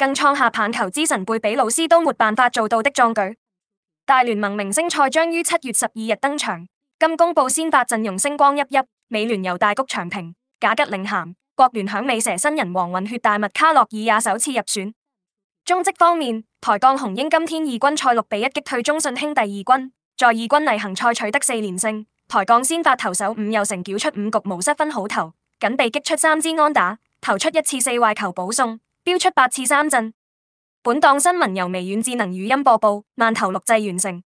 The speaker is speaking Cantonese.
更創下棒球之神貝比魯斯都沒辦法做到的壯舉。大聯盟明星賽將於七月十二日登場，今公布先發陣容星光熠熠，美聯由大谷翔平、賈吉領銜，國聯響尾蛇新人王運血大麥卡洛爾也首次入選。中職方面，台鋼雄鷹今天二軍賽六比一擊退中信兄弟二軍，在二軍例行賽取得四連勝。台鋼先發投手伍又成繳出五局無失分好投，僅被擊出三支安打，投出一次四壞球保送。飆出八次三振，本檔新聞由微軟智能語音播報，慢投錄製完成。